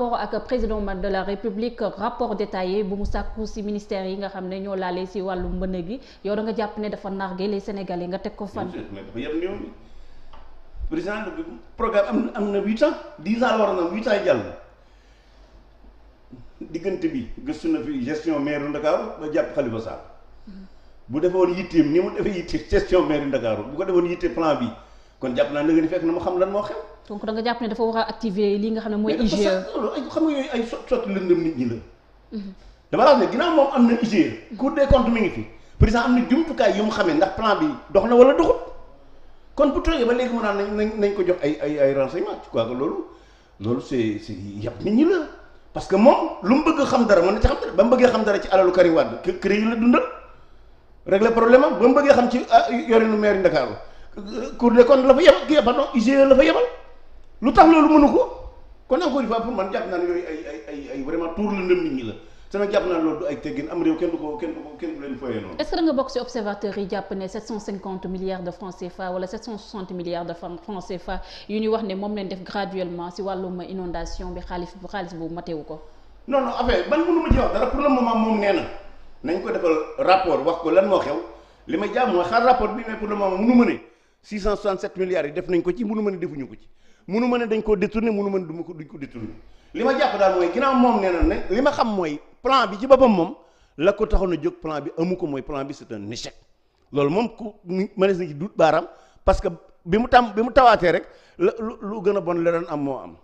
rapport ak président de la république rapport détaillé bu mu sàkku si ministère yi nga xam ne ñoo laale si wàllu mbënd gi yow da nga jàpp ne dafa nargué les sénégalais nga teg ko fan. mais dafa yem ñoom président de am am na huit ans dix ans la war na am jàll diggante bi gëstu na fi gestion maire Ndakaaru ba jàpp Khalifa Sall bu defoon yitteem ni mu defee yitte gestion maire Ndakaaru bu ko defoon yitte plan bi kon jàpp naa ne nga ni fekk na mu xam lan moo xew. donc danga nga jàpp ne dafa war a activer li nga xam ne mooy IGE xam nga yooyu ay sotti lëndëm nit ñi la mhm. dama la wax ne ginnaaw moom am na IGE mhm. Cour des comptes mi ndax plan bi dox na wala doxut kon bu toogee ba léegi mu naan nañ nañ ko jox ay ay ay renseignement loolu loolu c'est c'est yàpp nit ñi la parce que moom lu mu bëgg xam dara mën na ci xam dara ba mu bëggee xam dara ci alalu Karim Wade kër yi la dundal régler problème am ba mu bëggee xam ci ah, yorinu maire Ndakaaru Cour des comptes la fa yebal kii pardon IGE la fa yebal lu tax loolu mënu ko kon encore une fois pour man jàpp naa yooyu ay ay ay ay la ndëm nit ñi la te jàpp naa loolu du ay teggin am réew kenn du ko kenn du ko kenn du leen foyee noonu. est-ce bokk ci observateurs ne 750 milliards de francs CFA wala 760 milliards moom leen def graduellement ci wàllum inondation bi xaalis bu xaalis boobu ko. non non affaire ban ma ci wax dara pour le moment moom nee nañ ko defal rapport wax ko lan moo xew li ma jàmm mooy xaar rapport bi mais pour le moment mënu ma ne 667 yi def nañ ko ci mënu ma ne defuñu ci. munu ma ne dañ koo détourné munu ma ne du ko duñ ko détourné li ma jàpp daal mooy naa moom nee na ne li ma xam mooy plan bi ci boppam moom la ko taxoon a jóg plan bi amu ko mooy plan bi c'est un échec loolu moom ku mënees na ci duut baaraam parce que bi mu tam bi mu tawaatee rek la lu gën a bon la doon am moo am.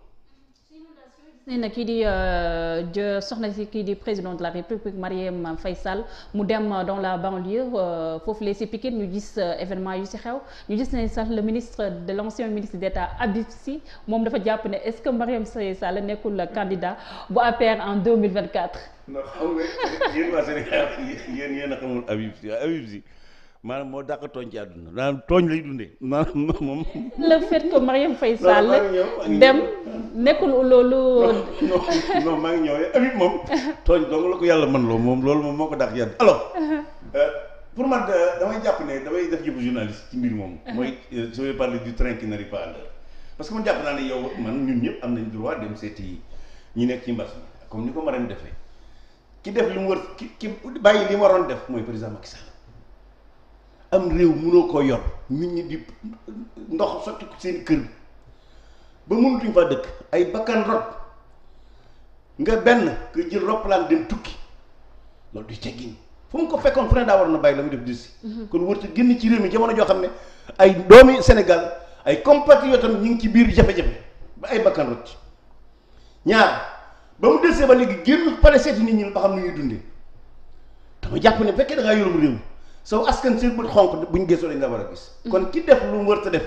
nee na kii di euh, soxna si kii di président de la république Marième fay Sall mu dem dans la banlieue euh, foofu lee si Pikine ñu gis euh, événement yu si xew ñu gis ne sax le ministre de l' ancien ministre d' état Habib si moom dafa jàpp ne est ce que Marième Faye Sall nekkul candidat bu APR en 2024 non xam nga yéen waa maanaam moo dàq tooñ ci àdduna maanaam tooñ lay dundee maanaam moom. le fait que Marième Faye Sall dem nekkul loolu. non non maa ngi ñëw amit moom tooñ dong la ko yàlla mën loo moom loolu moom moo ko dàq ci àdduna euh, pour man euh, damay jàpp ne damay def yëpp journaliste ci mbir moom. mooy euh, je vais parler du train qui n'arrive pas parce que man jàpp naa ne yow man ñun ñëpp am nañ droit dem seeti ñi nekk ci mbas mi comme ni ko Marième defee ki def li mu war ki ki bàyyi li mu waroon def mooy président Macky Sall. am réew mënoo ko yor nit ñi di ndox sotti ko seen kër ba mënatuñ fa dëkk ay bakkan rot nga benn nga jël roppalaan dem tukki loolu du teggin fu mu ko fekkoon fu ne daa war na bàyyi la mu def dis mhm. kon wërta génn ci réew mi jamono joo xam ne ay doomi Sénégal ay compatriotam ñu ngi ci biir jafe-jafe ba ay bakkan rot ci ñaar ba mu desee ba léegi génn pare seeti nit ñi ba xam ne ñuy dundee dama jàpp ne fekkee da ngaa yorum réew saw askan seen bët xonq buñ gëstoo dañ la war a gis. Mm-hmm. kon ki def lu mu war a def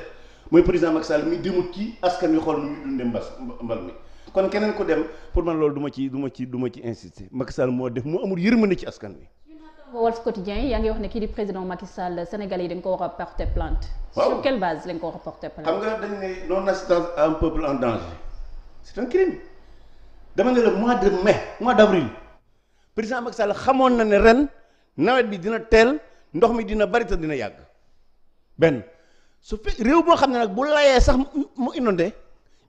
mooy président Macky Sall mi demut ci askan wi xool nu ñuy dundee mbas mbal mi. kon keneen ko dem pour man loolu duma ma ci du ma ci duma ci insister Macky Sall moo def moo amul yërmande ci askan wi. bo Walf Quotidien yaa ngi wax ne kii di président Macky Sall Sénégalais yi dañ ko war a porter plainte. waaw sur quelle base lañ ko war a porter plainte. xam nga dañ ne non assistance à un peuple en danger c' est un crime mois de mai mois d' avril président Macky Sall xamoon na ne ren nawet bi dina teel. ndox mi dina bari te dina yàgg benn su fekk réew boo xam ne nag bu layee sax mu inondé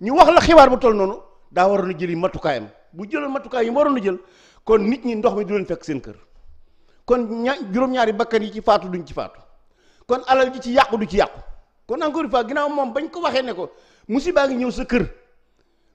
ñu wax la xibaar bu toll noonu daa waroon a jëli matukaayam bu jëloon matukaay yi mu waroon a jël kon nit ñi ndox mi du leen fekk seen kër kon ña juróom-ñaari bakkan yi ci faatu duñ ci faatu kon alal ji ci yàqu du ci yàqu kon encore une fois ginnaaw moom bañ ko waxee ne ko musiba ngi ñëw sa kër.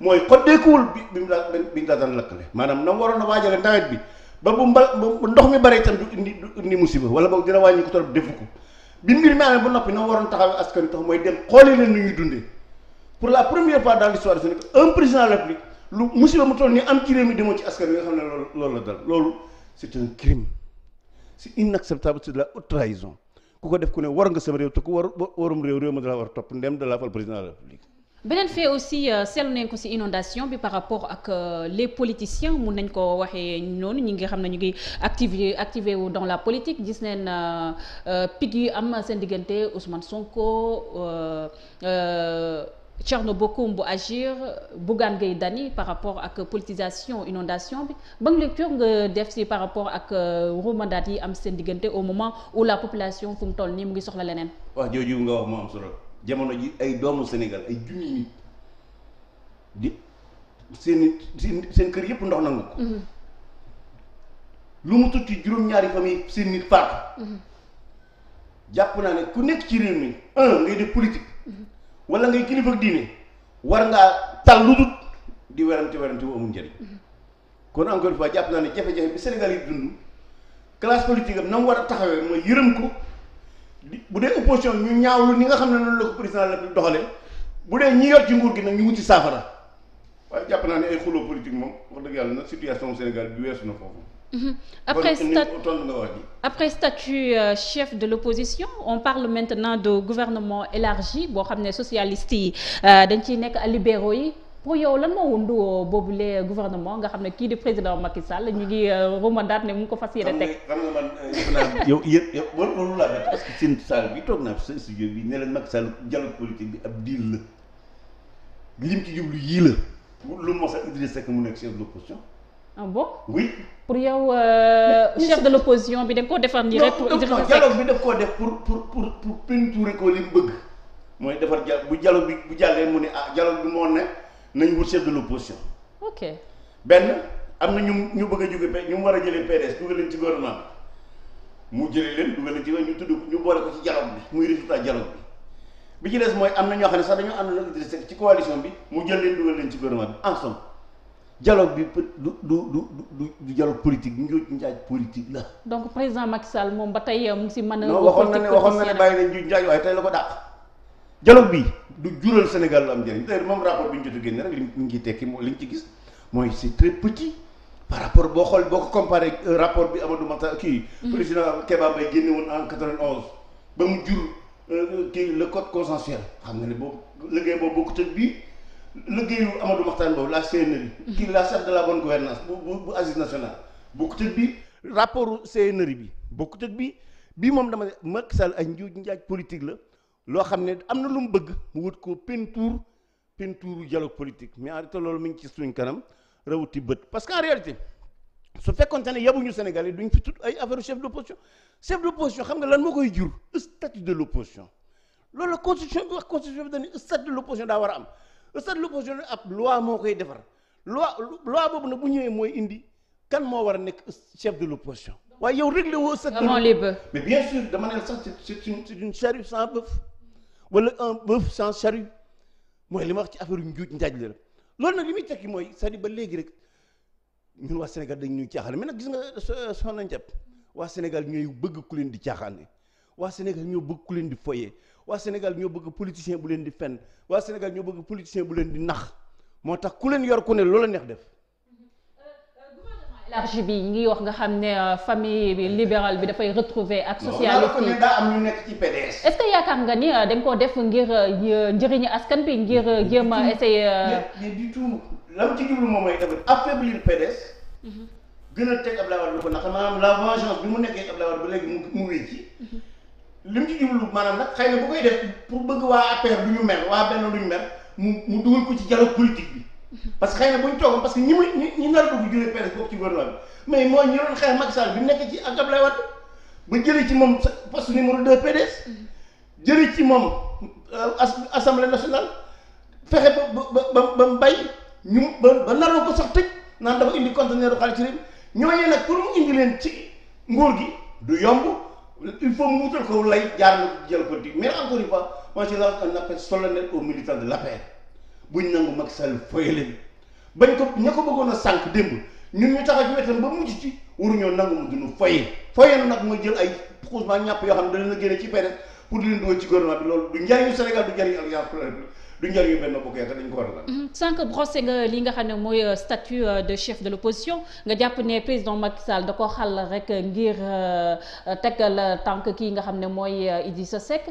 mooy xoddeekuwul bi bi mu daal bi ñu la daan lëkkale maanaam na waroon a waajale nawet bi ba bu mba bu ndox mi bare itam du indi du indi musiba wala boog dina wàññi ko trop defu ko bi mbir mi amee ba noppi na mu waroon taxawee mooy dem xooli leen nu ñuy dundee pour la première fois dans l'histoire du la République lu musiba mu toll nii am ci réew mi demoo ci askan wi nga xam ne loolu loolu la dal loolu c'est un crime c'est inacceptable c'est de la haute ku ko def ku ne war nga sama réew te ku war warum réew réew ma da war topp ndem da la président République beneen fait aussi euh, seetlu nañ ko ci inondation bi par rapport ak euh, les politiciens mun nañ ko waxee noonu ñi nga xam ne ñu ngi activé activé wu dans la politique gis neen euh, pig yi am seen diggante Ousmane Sonko Thierno Bocoum bu agir Bougane Gueye Dany par rapport ak politisation inondation bi ban lecture nga def si par rapport ak romandat yi am seen diggante au moment où la population fu mu toll nii mu ngi soxla leneen. waaw jooju nga wax mu am jamono ji ay doomu Sénégal ay junni nit di seen seen seen kër yëpp ndox nangu ko mhm. lu mu tudd ci juróom-ñaari famille seen nit faatu mhm. jàpp naa ne ku nekk ci réew mi un ngay def politique mhm. wala ngay kilifa diine war ngaa tal lu dut di werante werante wu amul njëriñ kon encore une fois jàpp naa ne jafe-jafe bi Sénégal yi dund classe politique am war a taxawee mooy yërëm ko bu dee opposition ñu ñaawlu ni nga xam ne noonu la ko président la doxale bu dee ñi yor ci nguur gi nag ñu wuti saafara waaye jàpp naa ne ay xuloo politique moom wax dëgg yàlla nag situation Sénégal bi weesu na foofu mhm. après statut nga wax ji après statut euh, chef de l'opposition on parle maintenant de gouvernement élargie boo xam ne socialistes yi euh, dañ ciy nekk libéraux yi pour yow lan moo wundu boobule gouvernement nga xam ne kii di président Macky Sall ñu ngi euh, romandaat ne mu ko fas yéene teg. xam nga xam nga man euh, yow yéen yow loolu loolu laa parce que seen saal bi toog naa fi sa studio bi bi ab diil la lim ci yii la. lu mos a Idriss Seck mu nekk chef de l'opposition. ah bon oui. pour yow euh, chef de l'opposition bi da nga koo defar nii rek. pour bi daf koo def pour pour pour pour peinturer ko li mu bëgg. mooy defar ja bu dialogue bi bu jàllee mu ne ah dialogue bi moo ne. nañ wut chef de l'opposition ok benn am na ñu ñu bëgg a jóge ñu war a jëlee PDS dugal leen ci gouvernement mu jëlee leen dugal leen ci ñu tudd ñu boole ko ci dialogue bi bi bi ci des mooy am na ñoo xam ne sax dañu ànd ak Idrissa Seck ci coalition bi mu jël leen dugal leen ci gouvernement bi en somme dialogue bi du du du du du dialogue politique njuuj njaaj politique la. donc président Macky Sall moom ba tey euh, mu si mën a. waxoon na ne waxoon na ne bàyyi nañ njuuj njaaj waaye tey la ko dàq dialogue bi. du jural Sénégal lu am njëriñ d'ailleurs moom rapport bi ñu génne rek li ñu ngi tekki li ñu ci gis mooy c'est très petit par rapport boo xool euh, rapport bi Amadou Mata kii. Mm. président Kéba Mbaye génne woon en 91 ba mu jur euh, kii le code consensuel xam nga ne boobu liggéey boobu bokkut ak bii liggéeyu Amadou Mahtar boobu la CNRI. E mm. kii la charte de la bonne gouvernance bu bu bu Assises nationales bokkut rapportu CNRI e bi bokkut bi bii bii moom dama ne Macky ay njuuj njaaj politique la. loo xam ne am na lu mu bëgg mu wut ko peinture peinture dialogue politique mais en réalité loolu mu ngi ci suñ kanam rawuti bët parce que en réalité su fekkonte ne yabuñu Sénégalais duñ fi tut ay affaire chef d'opposition chef d'opposition xam nga lan moo koy jur statut de l'opposition loolu la constitution bi wax constitution bi dañu statut de l'opposition daa war a am statut de l'opposition ab loi moo koy defar loi loi boobu nag bu ñëwee mooy indi kan moo war a nekk chef de l'opposition waaye yow réglé woo statut mais bien sûr dama ne sax wala un bœuf sans charrue mooy li ma wax ci affaire njuuj njaaj la loolu nag li muy tekki mooy sari ba léegi rek ñun waa Sénégal dañ ñuy caaxaan mais nag gis nga son soxna Ndiaye waa Sénégal ñooy bëgg ku leen di caaxaane waa Sénégal ñoo bëgg ku leen di foyee waa Sénégal ñoo bëgg politicien bu leen di fenn waa Sénégal ñoo bëgg politicien bu leen di nax moo tax ku leen yor ku ne loola neex def. élargie bi ñi ngi wax nga xam ne euh, famille bi bi dafay retrouver ak socialiste yi daa am ñu nga ni euh, dañ ko def ngir euh, njëriñu askan bi ngir jéem a essayer mais lam ci jublu moom mooy tamit affaiblir PDS mhm. gën a ko naka maanaam la vengeance bi mu nekkee léegi mu mu wéy ci mhm. ci jublu maanaam nag xëy na bu koy def pour bëgg waa APR du ñu mel waa benn du mel mu mu ko ci dialogue politique bi parce que xëy na bu ñu toogoon parce que ñi muy ñi ñi nar ko fi jógee PDS bokk ci gouvernement bi mais mooy ñu doon xeex Macky Sall bi nekk ci ak Abdoulaye Wade ba jëlee ci moom poste numéro 2 PDS. jëlee ci moom euh, as assemblée nationale fexe ba ba ba ba mu bay ñu ba ba naroon ko sax tëj naan dafa indi conteneur xaalis ci réew ñooñu nag pour mu indi leen ci nguur gi du yomb. il faut mu wutal ko lay jaar na jël politique mais encore une fois moi je lance un appel solennel aux militants de l'APR buñ nangu Macky Sall fay leen bañ ko ña ko bëggoon a sànq démb ñun ñu taxaw ci wetam ba mujj ci waruñoo nangu mu dunu fayee fayee nag mooy jël ay xuusement ñàpp yoo xam ne dana génne ci PDS pour di leen dugal ci gouvernement bi loolu du njariñu Sénégal du njariñu alliance pour la République du njëriñu benn bokk dañ ko war a laal. Mhm. sànq brossé nga li nga xam ne mooy euh, statut euh, de chef de l'opposition nga jàpp ne président Macky Sall da ko xàll rek ngir euh, tegal tànk kii nga xam ne mooy sa Seck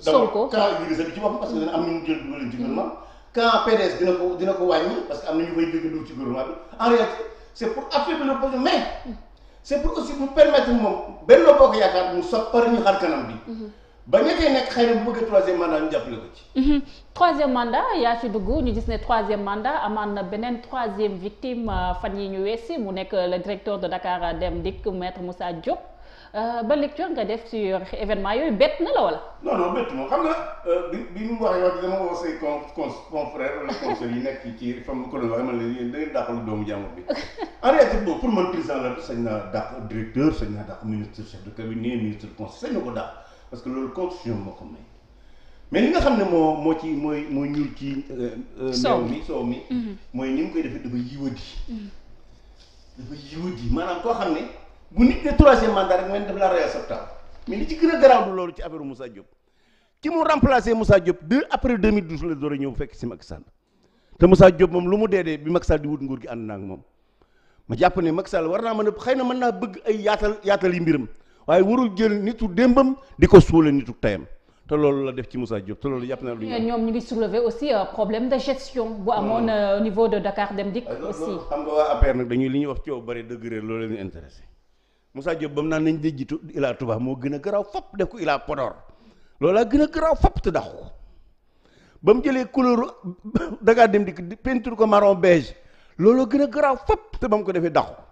Sonko calendrier bi ci boppam parce que dina am nañu jël dugal ci gouvernement mm-hmm. quand PDS dina ko dina ko wàññi parce que am nañu koy jóge dugg ci gouvernement bi mm-hmm. moom Benno Bokk Yaakaar mu soppar ñu xar kanam bi mm-hmm. ba na ñu jàppale ko ci troisième ci dugg ñu gis ne troisième mandat amaan na beneen troisième victime euh, fan yi ñu weesi mu nekk le directeur de Dakar Dem Dikk maître Moussa Diop Euh, ba lecture nga def sur événement yooyu bett na la wala. non bett moo xam nga euh, bi bi mu waxee wax dama woo say con confrère wala conseil yi nekk ci femme bu ko doon doomu jàmbur bi en réalité boobu pour man président la sañ naa dàq directeur sañ naa dàq ministre chef de cabinet conseil sañ na ko dàq parce que loolu constitution moo ko may mais li nga xam ne moo moo ci mooy mooy ñuul ci. Euh, soow mi soow mi. Mm-hmm. mooy ni mu koy defee dafa yiwadi. Mm-hmm. dafa yiwadi maanaam koo xam ne. bu nit ne troisième mandat rek mel daf laa rey acceptable mais li ci gën a garaaw loolu ci affaire musaa Diop ki mu remplacé musaa Diop deux après 2012 la door a ñëw fekk si Macky Sall te Moussa Diop moom lu mu dee dee bi Macky Sall di wut nguur gi ànd naa ak moom ma jàpp ne Macky Sall war naa mën a xëy na mën naa bëgg ay yaatal yaatal yi mbiram waaye warul jël nitu démbam di ko suule nitu tayam te loolu la def ci Moussa Diop te loolu yàpp naa lu ñu. ñoom ñu ngi soulever aussi euh, problème de gestion. bu ah. amoon euh, au niveau de Dakar Dem Dikk ah, aussi. li ñuy wax coow bari dëgg réer loolu leen intéressé Moussa Diop ba mu naan nañ dee jitu ilaa Touba moo gën a garaaw fop def ko ilaa Podor loolaa gën a garaaw fop te dax ko ba mu jëlee couleur Dakar dem dikk peinture ko marron beige looloo gën a garaaw fop te ba mu ko defee dax ko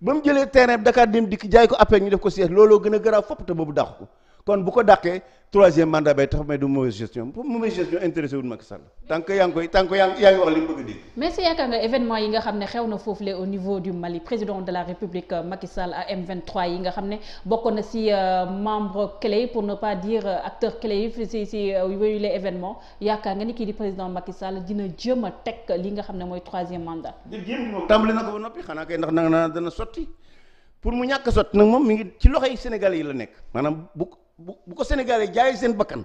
ba mu jëlee terrain Dakar dem dikk jaay ko après ñu def ko sees looloo gën a garaaw fop te boobu dax ko kon bu ko dàqee troisième mandat bay tax mais du mauvaise gestion pour mauvaise gestion intéressé wul Macky Sall yaa ngi koy tant yaa nga événement yi nga xam ne xew na foofu le au niveau du Mali président de la République euh, Macky Sall ak M23 yi nga xam ne bokk na si euh, membre clé pour ne pas dire euh, acteur clé yi si si yooyu les événement yaakaar nga ni kii di président Macky Sall dina jéem a teg li nga xam ne mooy troisième mandat di jéem moom tàmbali na ko ba noppi xanaa kay ndax nag na dana sotti pour mu ñàkk sotti nag moom mi ngi ci loxoy yi la nekk bu bu ko Sénégalais jaay seen bakkan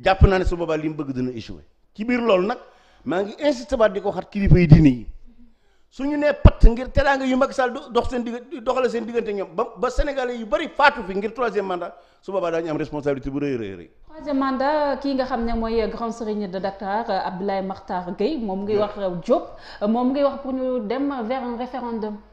jàpp naa ne su boobaa li mu bëgg dina échoué ci biir lool nag maa ngi insisté baat di ko xat kilifa yi diine yi suñu nee patt ngir teraanga yu Macky Sall dox seen digg doxale seen diggante ñoom ba ba Sénégalais yu bari faatu fi ngir troisième mandat su boobaa daañu am responsabilité bu rëy rëy rëy. troisième mandat kii nga xam ne mooy grand serigne de Dakar Abdoulaye Makhtar Gueye moom ngi wax Diop moom ngi wax pour ñu dem vers un référendum.